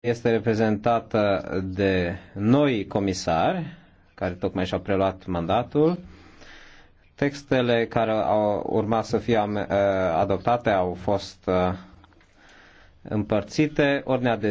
este reprezentată de noi comisari, care tocmai și-au preluat mandatul. Textele care au urmat să fie eh, adoptate au fost eh, împărțite. Ordinea de